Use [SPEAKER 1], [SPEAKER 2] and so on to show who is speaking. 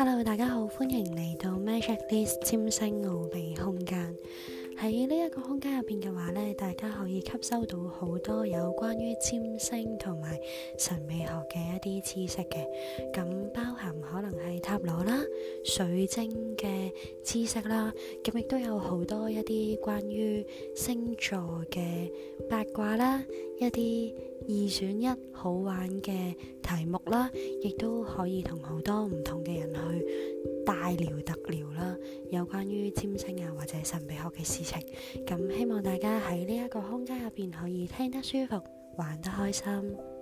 [SPEAKER 1] Hello，大家好，歡迎嚟到 MagickLis 占星奧秘空間。喺呢一個空間入邊嘅話咧，大家可以吸收到好多有關於占星同埋神秘學嘅一啲知識嘅。咁包含可能係塔羅啦、水晶嘅知識啦，咁亦都有好多一啲關於星座嘅八卦啦，一啲。二選一好玩嘅題目啦，亦都可以同好多唔同嘅人去大聊特聊啦。有關於占星啊，或者神秘學嘅事情，咁希望大家喺呢一個空間入邊可以聽得舒服，玩得開心。